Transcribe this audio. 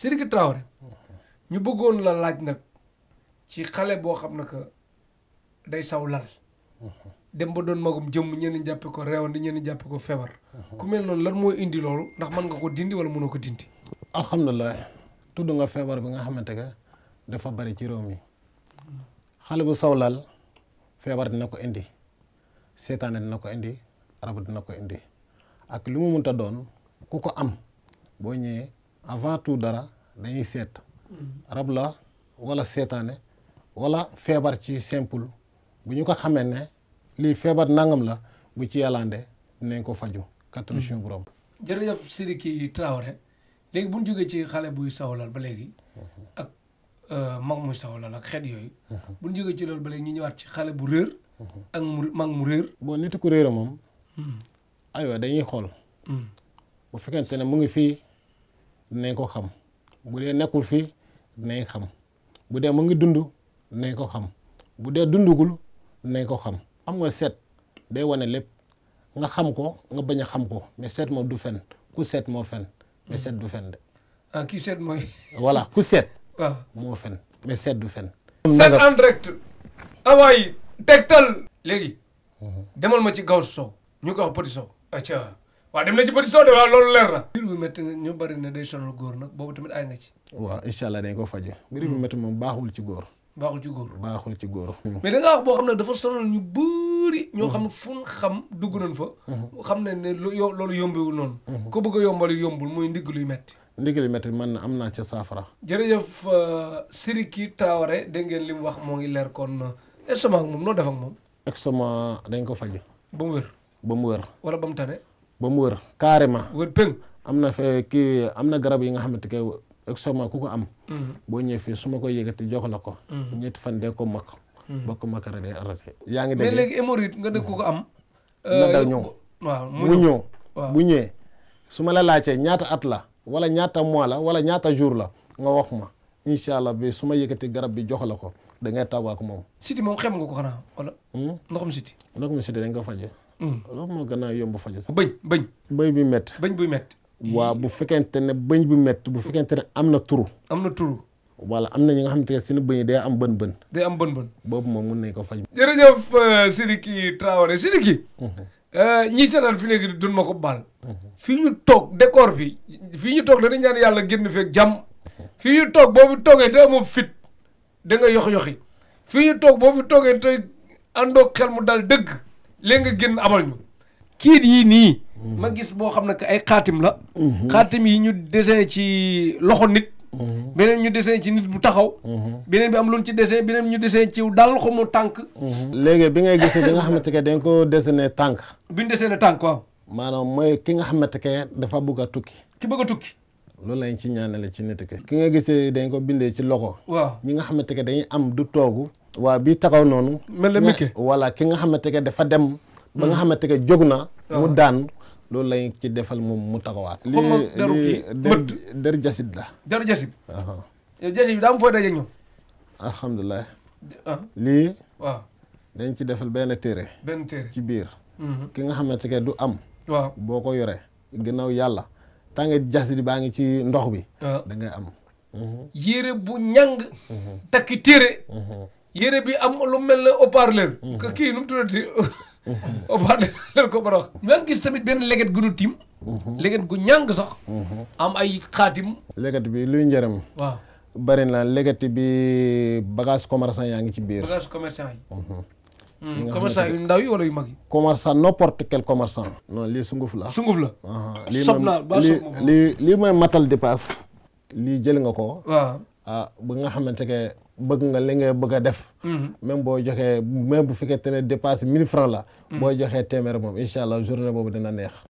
Ciré Traoré ñu bëggoon la laaj nag ci xale boo xam ne que day saw lal dem ba doon magum jëmm ñenn jàppe ko reewandi ñenn jàppe ko feebar ku mel noonu lan moo indi loolu ndax mën nga ko dindi wala mënoo ko dindi alhamdulilah tudd nga feebar bi nga xamante que dafa bari ci réew mi xale bu saw lal feebar dina ko indi seetaane dina ko indi rab dina ko indi ak li mu mënta doon ku ko am boo ñëwee avant tout dara dañuy seet rab la wala seetaane wala feebar ci simple bu ñu ko xamee ne lii feebar nangam la bu ci yàllaande dinañ ko faju kattanu hmm. suñu borom jërëjëf Sidiki Traoré léegi bu ñu jógee ci xale buy sawlal ba léegi hmm. ak euh, mag muy sawlal ak xeet yooyu hmm. bu ñu jógee ci loolu ba léegi ñu ñëwaat ci xale bu réer ak mu mag mu réer bon nit ku réer moom aywa dañuy xool bu fekkente mu ngi fii dinañ ko xam bu dee nekkul fii dinañ xam bu dee mu ngi dund dinañ ko xam bu dee dundugul dinañ ko xam am nga seet day wane lépp nga xam ko nga bañ a xam ko mais seet du fen ku seet moo fen mais seet du fen de. Ah, seet mooy. voilà ku seet. waaw ah. moo fen mais seet du fen. seet en direct. awaay ah, tegtal. léegi. Mhm. demal ma ci Gawsu Sow ñu ko wax Petit Sow. waaw dem na ci soo de waaw loolu leer na. mbir bu métti ñu bari na day sonal góor nag boobu tamit ay nga ci. waaw incha allah dañ ko faje mbir bu hmm. métti moom baaxul ci góor. baaxul ci góor baaxul ci góor. Hmm. mais da nga wax xam ne dafa sonal ñu bëri. ñoo hmm. xam ne xam dugg nañ fa. xam ne ne loolu yombewul noonu. ko bëgg yombal yombul muy ndigg luy métti. ndigg luy métti naa ca saafara. jërëjëf euh, Sidiki Traoré dégg ngeen li mu wax moo ngi leer kon moom noo def ak moom. dañ ko faj. ba mu wér. ba mu wér. wala ba mu tane. ba mu wër carrément. wër pëng am na fa kii am na garab yi nga xamante ne exactement ku ko am. Mhm. boo ñëwee fii su koy yëkkati jox la ko. Mhm. ñetti fan dee ko makk. Mhm. ba ko makara yaa ngi dégg mais léegi hémorroïde nga ne ku ko am. na euh, daw ñëw waaw mu ñëw bu ñëwee su ma la laajtee ñaata at la wala ñaata mois la wala ñaata jour la nga wax ma incha allah bi su ma yëkkati garab bi jox la ko da taw taw ak moom. siti moom xem nga ko xanaa wala. Hmm? ndoxum siti. ndoxum siti dañ ko fajee. loolu moo gën a yomb faju sax bëñ bëñ bëñ bi métti bëñ buy métti waaw bu fekkente ne bëñ bi métti bu fekkente ne am na turu am na turu voilà am na ñi nga xamante ne seen bëñ day am bën bën day am bën bën boobu moom mun nañ ko faj jërëjëf euh, Sidiki Traoré Sidiki mhm. euh, ñi seetaan fi nekk duñ ma baal mhm. fii ñu toog décor bi fii ñu toog dañu ñaan yàlla génn feeg jàmm fii ñu toog boobu fi toogee te amoo fit da nga yox-yoxi fii ñu toog boo fi toogee te àndoo xel mu dal dëgg léegi nga génn abal ñu kiit yii nii mm-hmm. ma gis boo xam ne que ay xaatim la mm-hmm. xaatim yi ñu dessin ci loxo nit mm-hmm. beneen ñu dessin ci nit bu taxaw beneen bi am loon ci dessin beneen ñu dessin ci dal xaw ma tànk léegi bi ngay gisee bi nga xamante que dañ ko dessiné tànk bi ñu dessiné tànk waaw maanaam mooy ki nga xamante que dafa bëgg a tukki ki bëgg a tukki loolu lañ ci ñaanale ci nit ki ki nga gisee dañ ko bindee ci loxo waaw ñi nga xamante que dañuy am du toogu waa bii taxaw noonu. mel na Mickey voilà ki nga xamante ne dafa dem. ba nga mm. xamante ne jóg na. Ah. mu daan loolu lañ ci defal moom mu taxawaat. li li la. der jasid. Eh, ah. lii. waaw ci defal benn téere. benn ci biir. Mm-hmm. ki nga xamante ne du am. boo ko yoree. ginnaaw yàlla tànga jasid baa ngi ci ndox bi. Ah. da ngay am. Mm-hmm. yére bu ñàng. Mm-hmm. takki téere. yére bi am lu mel ne haut-parleur mhm. kii nu mu tuddati ko bara wax maa ngi gis tamit benn leget gu nu tiim mhm. leget gu ñàng sax mhm. am ay xaatim leget bi luy njëriñ waaw bari na leget bi bagage commerçant yaa ngi ci biir bagage commerçant yi hmm, commerçant yu ndaw yi wala yu mag yi commerçant n'importe quel commerçant non lii sunguf la sunguf la lii ah, sob naa ba sob lii lii jël nga ko waaw ah, nga xamante que bëgg nga li nga bëgg a def. Mhm. même boo joxee même bu fekkee ne dépasse mille francs la. Mhm. boo joxee téeméer moom incha allah journée boobu dina neex.